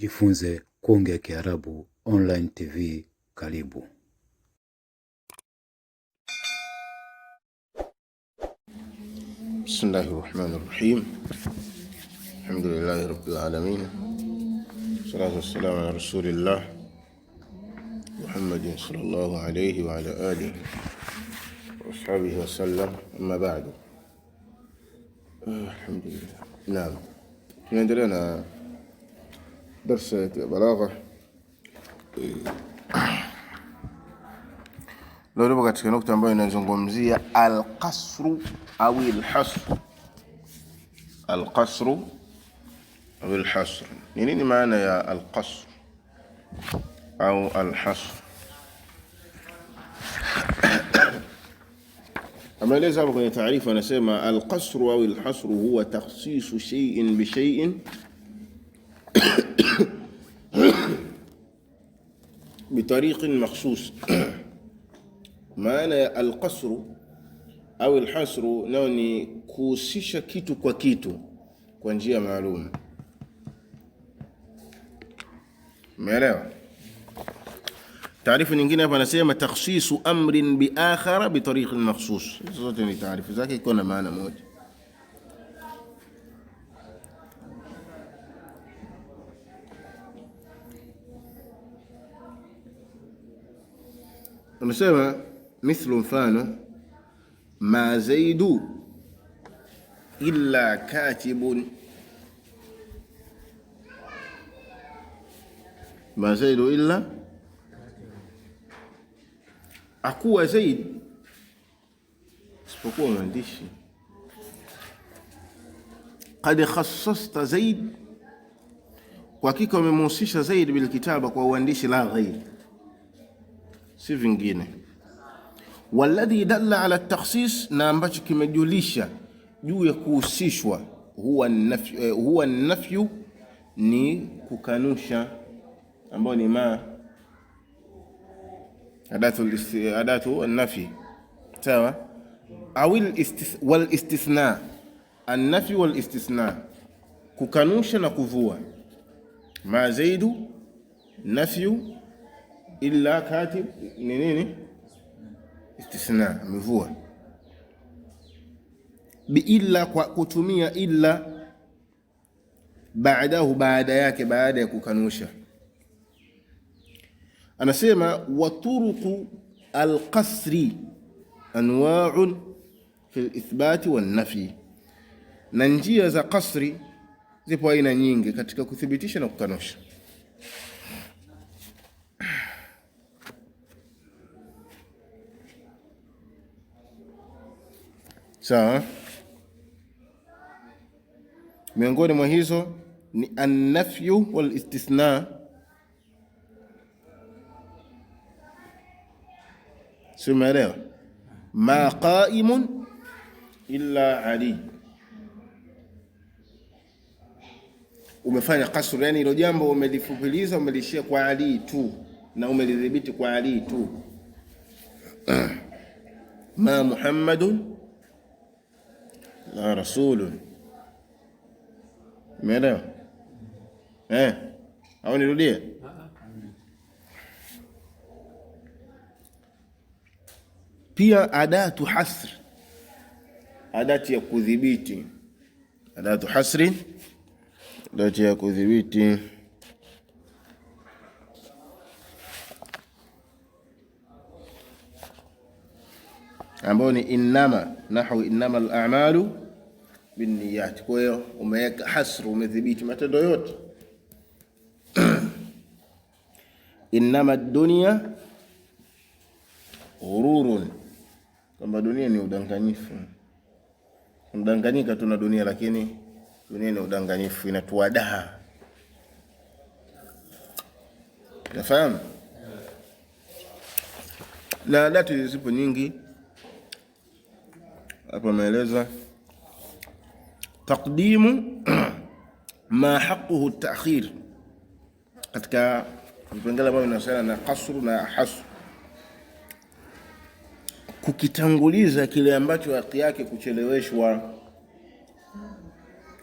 Jifunze kuongea Kiarabu online TV karibu. Bismillahi rahmani rahim alhamdulillahi rabbil alamin salatu wassalamu ala rasulillah Muhammadin sallallahu alayhi wa ala alihi wa ashabihi wa sallam, amma ba'du. Alhamdulillah. Naam, tunaendelea na درس بلاغه لو نبغى تشكي نكتة مباي نزنقمزية القصر أو الحصر القصر أو الحصر نيني معنى يا القصر أو الحصر أما ليس أبغى تعريف أنا سيما القصر أو الحصر هو تخصيص شيء بشيء bitariqin makhsus. Maana ya alqasru au alhasru nao ni kuhusisha kitu kwa kitu kwa njia maalum. Umeelewa? Taarifu nyingine hapa anasema takhsisu amrin biakhara bitariqin makhsus. zote ni taarifu zake, iko na maana moja. Amesema mithlu, mfano ma zaidu illa katibun, ma zaidu illa akuwa zaid isipokuwa mwandishi. Qad khassasta zaid, kwa hakika umemhusisha zaid bilkitaba, kwa uandishi. La ghairi si vingine. Walladhi dalla ala takhsis, na ambacho kimejulisha juu ya kuhusishwa, huwa nafyu, eh, huwa nafyu ni kukanusha, ambayo ni ma adatu adatu nafyi, sawa awil wal istithna, an wal istithna, kukanusha na kuvua ma zaidu nafyu illa katib ni nini? Istisna, amevua bi illa, kwa kutumia illa baadahu, baada yake, baada ya kukanusha. Anasema waturuqu alqasri anwa'un fi lithbati nafi, na njia za kasri zipo aina nyingi katika kuthibitisha na kukanusha. Sawa. Miongoni mwa hizo ni annafyu wal istithna. Si Ma qaimun illa Ali, umefanya kasru, yani hilo jambo umelifupiliza, umelishia kwa Ali tu na umelidhibiti kwa Ali tu. Ma Muhammadun la ah, rasulun. Umeelewa? Eh, au nirudie? Pia adatu hasr, adati ya kudhibiti, adatu hasri, adati ya kudhibiti ambayo ni innama, nahu innama al-a'malu binniyati. Kwa hiyo umeweka hasru, umedhibiti matendo yote innama dunia ghururun, kwamba dunia ni udanganyifu. mdanganyika tu na dunia, lakini dunia ni udanganyifu, inatuwadaa. Unafahamu? na dati zipo nyingi hapa, ameeleza taqdimu ma haquhu ta'khir, katika vipengele ambavyo vinahusiana na qasru na hasru, kukitanguliza kile ambacho haki yake kucheleweshwa.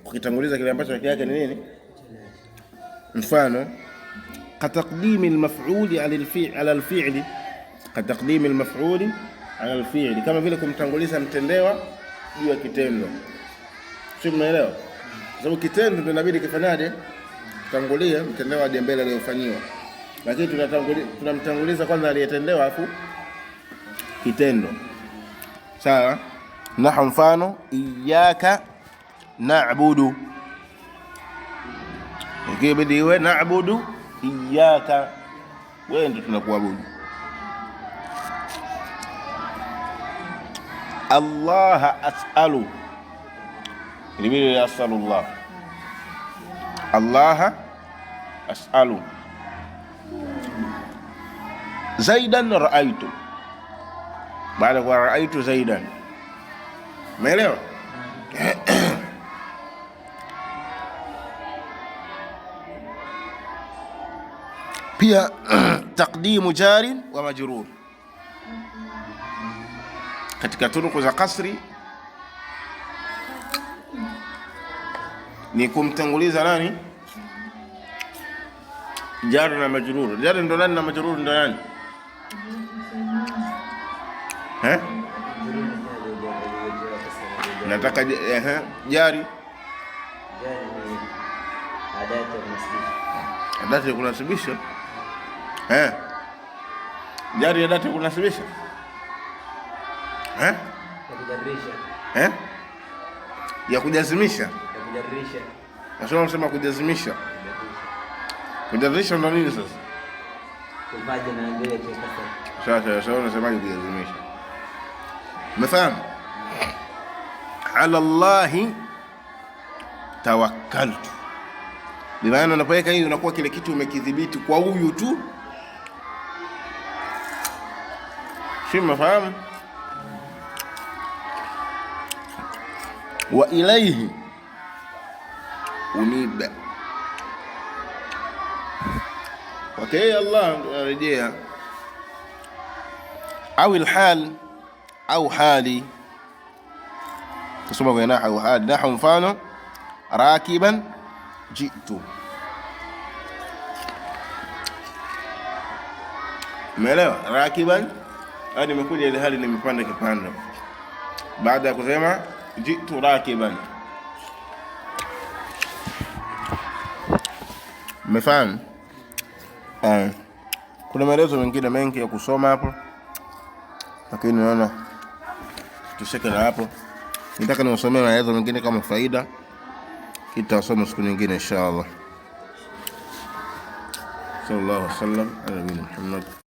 Kukitanguliza kile ambacho haki yake ni nini? Mfano, kataqdimi lmafuli ala alfi'li, kataqdimi almaf'uli ala alfi'li, kama vile kumtanguliza mtendewa juu ya kitendo. Sio mmeelewa? Kwa sababu kitendo ndio inabidi kifanyaje? Tangulie mtendao wa dembele aliyofanyiwa. Lakini tunatangulia tunamtanguliza kwanza aliyetendewa afu kitendo. Sawa? Na mfano iyyaka na'budu. Ikibidi iwe na'budu iyyaka. Wewe ndio tunakuabudu. Allah as'alu vilevile yasalullah allaha asalu zaidan raaitu baada kwa raaitu zaidan, umeelewa? Pia taqdimu jarin wa majrur katika turuku za kasri ni kumtanguliza nani? jari na majrur. jari ndo nani na majrur ndo nani? Eh? Nataka eh, jari adati kunasibisha eh? Jari adati kunasibisha eh? ya kujazimisha Kujadhirisha. Nasema msema kujazimisha. Kujadhirisha ndo nini sasa? Kupaje na ndio kwa sasa. Sasa sasa unasemaje kujadhirisha? Mfano. Ala Allahi tawakkaltu. Bimaana unapoweka hii unakuwa kile kitu umekidhibiti kwa huyu tu. Si mfahamu? Wa ilaihi unibe. Kwake yeye Allah narejea, au ilhal au hali, tasoma kwenye nahu au hali. Nahu mfano rakiban jitu, umeelewa? Rakiban au yaani nimekuja, ile hali nimepanda kipando, baada ya kusema jitu rakiban Mmefahamu? Eh, kuna maelezo mengine mengi ya kusoma hapo, lakini naona tusheke na hapo. Nitaka niwasomee maelezo mengine kama faida, kitawasoma siku nyingine inshallah. Sallallahu alaihi wasallam ala nabiyina Muhammad.